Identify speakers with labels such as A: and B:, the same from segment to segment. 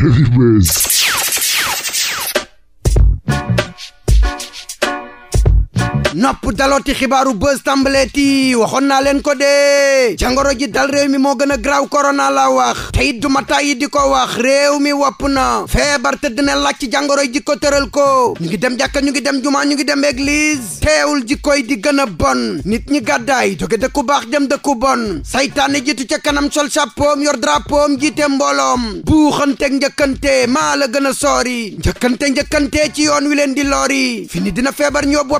A: Heavyweight. nopp dalooti xibaaru buzz tàmbaleeti waxoon naa leen ko dee jangoro ji dal réew mi moo gën a graaw korona la wax te it du ma di ko wax réew mi wapp na feebar tëdd na laaj ci jangoro ji ko tëral ko ñu ngi dem jàkka ñu ngi dem jumaa ñu ngi dem église teewul ji koy di gën a bon nit ñi gàddaay jóge dëkku baax dem dëkku bon saytaane jiitu ca kanam sol chapeau yor drapeau jiite mbooloom buuxanteeg njëkkante maa la gën a soori njëkkante njëkkante ci yoon leen di lori fini dina feebar ñoob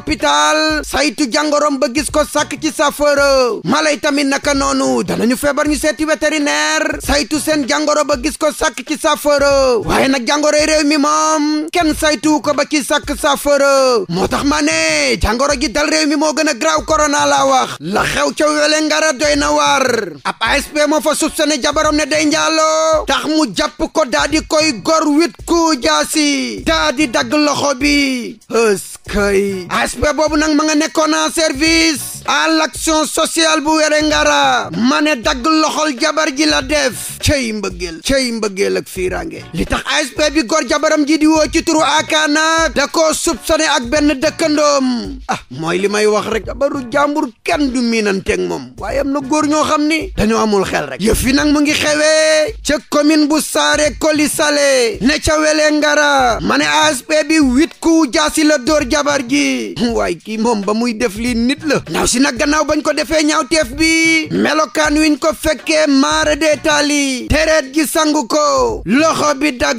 A: saytu jàngoroom ba gis ko sàkk ci saafara mala yi tamit naka noonu danañu feebar ñu seeti vétérinaire saytu seen jàngoro ba gis ko sàkk ci saafara waaye nag jàngoro réew mi moom kenn saytuwu ko ba ci sàkk saafara moo tax ma ne jàngoro ji dal réew mi moo gën a graaw korona laa wax la xew ca wele ngara doy na war ab ASP moo fa sub sene jabaram ne day njaaloo tax mu jàpp ko daa di koy gor wit ku jaasi daa di dagg loxo bi ës ma nga nekkoon en service à l'action sociale bu wéré ngara ma ne dagg loxol jabar ji la def cay mbëggeel cey mbëggeel ak fiirange li tax ASP bi gor jabaram ji di woo ci turu akaanaak da koo soupçonné ak benn dëkkandoom ah mooy li may wax rek baru jàmbur kenn du miinanteeg moom waaye am na góor ñoo xam ni dañoo amul xel rek yëf yi nag mu ngi xewee ca commune bu saare koli sale ne ca wele ngara ma ne ASP bi huit coups jaasi la dóor jabar ji waaye kii moom ba muy def lii nit la si gannaaw bañ ko defee ñaawteef bi melokaan wiñ ko fekkee maara dee taali tereet gi sangu ko loxo bi dagg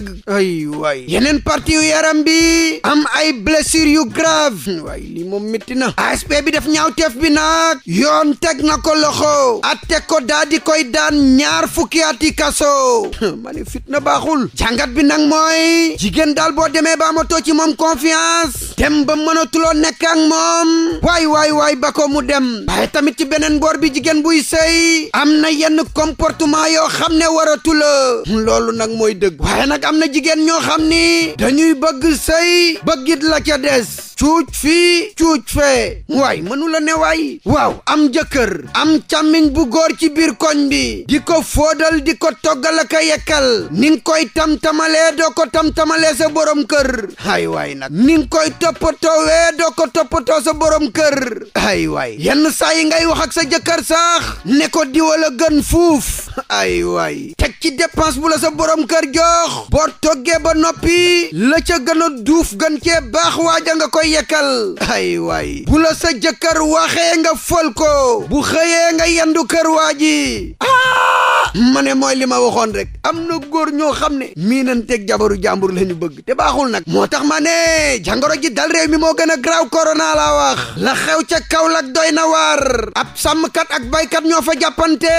A: yeneen parti yu yaram bi am ay blessure yu grave waay moom métti na ASP bi def ñaawteef bi nag yoon teg na ko loxo teg ko daa di koy daan ñaar fukki ati kaso ma ne na baaxul jàngat bi nag mooy jigéen daal boo demee baa amatoo ci moom confiance dem ba mënatuloo nekk ak moom waay waay waay ba mu dem waaye tamit ci beneen boor bi jigéen buy sëy am na yenn comportement yoo xam ne waratu la loolu nag mooy dëgg waaye nag am na jigéen ñoo xam ni dañuy bëgg sëy bëggit la ca des cuuc fii cuuc fee waay mënu ne waay waaw am jëkkër am càmmiñ bu góor ci biir koñ bi di ko fóodal di ko toggal ak a yekkal ning nga koy tamtamalee doo ko tamtamalee sa borom kër ay waay nag ni nga koy toppatoowee doo ko toppatoo sa borom kër ay waay yenn saa yi ngay wax ak sa jëkkër sax ne ko diwala gën fuuf ay waay teg ci dépense bu sa borom kër jox boo toggee ba noppi la ca gën a duuf gën cee baax waaja nga koy yekkal ay waay bu sa jëkkër waxee nga fol ko bu xëyee nga yendu kër waa ji ah! ah ne mooy li ma waxoon rek am na góor ñoo xam ne mii nan jabaru jàmbur la ñu bëgg te baaxul nag moo tax ma ne jàngoro ji dal réew mi moo gën a graw korona laa wax la xew ca kaw Kaolack doy na waar ab sàmmkat ak baykat ñoo fa jàppante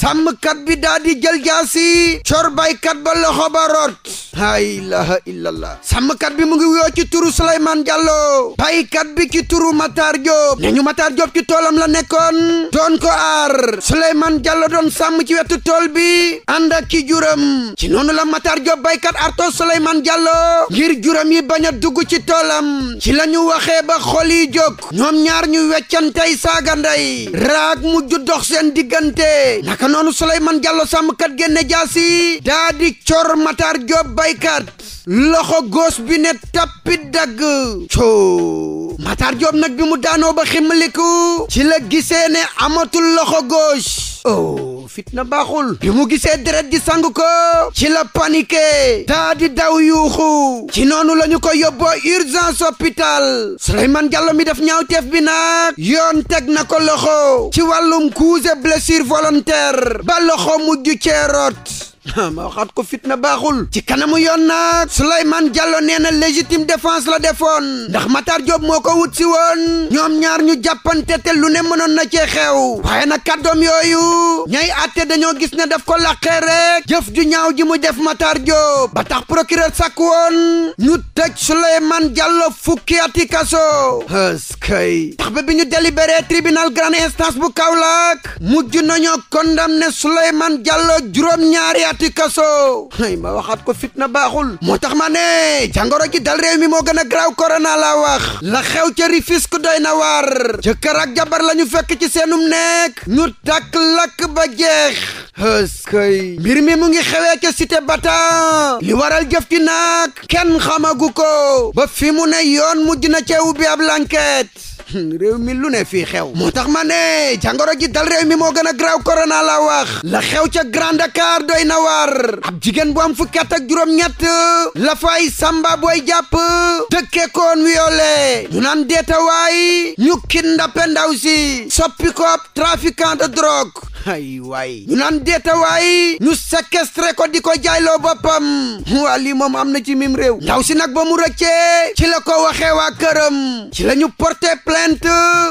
A: sàmmkat bi daa di jël jaasi cor baykat ba loxo ba root laa ilaha illallah sàmmkat bi mu ngi wuyoo ci turu Souleymane Diallo baykat bi ci turu Matar Diop ne ñu Matar Diop ci toolam la nekkoon doon ko aar Souleymane Diallo doon tool bi ànd ak ki juram ci noonu la Matar Diop baykat arto Souleymane Diallo ngir juram yi bañ a dugg ci toolam ci la ñu waxee ba xol yi jóg ñoom ñaar ñu weccantey saaga ndey raag mujj dox seen diggante naka noonu Souleymane Diallo sàmmkat génne jaasi daa di cor Matar Diop baykat loxo góos bi ne tappi dagg coo Matar Diop nag bi mu daanoo ba ximmaliku ci la gisee ne amatul loxo gauche oh. fitna baaxul bi mu gisee deret di sang ko ci la paniqué daa daw yuuxu ci noonu lañu ñu ko yóbboo urgence soppital Souleymane Diallo mi def ñaawteef bi nag yoon teg na ko loxo ci wàllum coups et blessure ba loxo mujj ceeroot ma waxaat ko fitna baaxul ci kanamu yoon nag Souleymane Diallo nee na légitime défense la defoon ndax Matar Diop moo ko wut woon ñoom ñaar ñu jàppante te lu ne mënoon na cee xew waaye nag kàddoom yooyu ñay àtte dañoo gis ne def ko làqee rek jëf ju ñaaw ji mu def Matar Diop ba tax procureur sàkk woon ñu tëj Souleymane Diallo fukki atikaso kaso askay tax ba bi ñu délibéré tribunal grande instance bu Kaolack mujj nañoo condamné Souleymane Diallo juróom-ñaari at ati kaso ay ma waxaat ko fitna baaxul moo tax ma ne jàngoro dal réew mi moo gën a graw korona laa wax la xew ca Rufisque doy na waar jëkkër jabar lañu fekk ci seenum nekk ñu takk lakk ba jeex ëskay mbir mi mu ngi xewee ca cité Bata li waral jëf ci nag kenn xamagu ko ba fi mu ne yoon mujj na ceewu bi ab lanket réew mi lu ne fii xew moo tax ma ne jàngoro ji dal réew mi moo gën a graaw korona la wax la xew ca Grand Dakar doy na war ab jigéen bu am fukki at ak juróom-ñett la fay samba booy jàpp dëkkee koon wiyoole ñu naan deeta waay ñu kin ndape ndaw si soppi ko ab trafiquant de drogue ay waay ñu naan deeta waay ñu séquestré ko di ko jaayloo boppam waa lii moom am na ci miim réew ndaw si nag ba mu rëccee ci la ko waxe waa këram ci la ñu porté plainte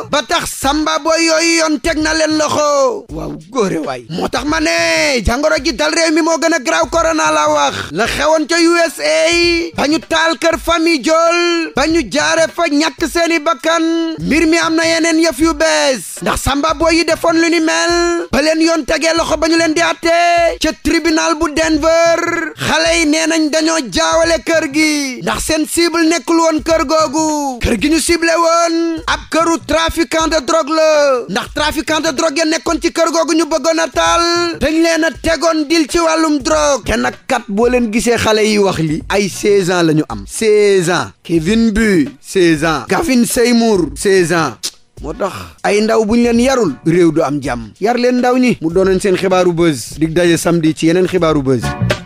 A: ba tax samba booy yooyu yoon teg na leen loxo waaw góore waay moo tax ma ne jàngoro ji dal réew mi moo gën a graaw korona la wax la xewoon ca USA ba ñu taal kër famille Jool ba ñu jaare fa ñàkk seeni bakkan mbir mi am na yeneen yëf yu bees ndax samba booy yi defoon lu ni mel leen yoon tegee loxo ba ñu leen di àttee ca tribunal bu Denver xale yi nee nañ dañoo jaawale kër gi ndax seen cible nekkul woon kër googu kër gi ñu cible woon ab këru trafiquant de drogue ndax trafiquant de drogue ya nekkoon ci kër googu ñu bëggoon a taal dañ leen a tegoon dil ci wàllum drogue te nag kat boo leen gisee xale yi wax li ay 16 ans la ñu am 16 ans Kevin Bu 16 ans Gavin Seymour 16 ans moo tax ay ndaw buñ leen yarul réew du am jàmm yar leen ndaw ñi mu doonoon seen xibaaru buzz dig daje samedi ci yeneen xibaaru buzz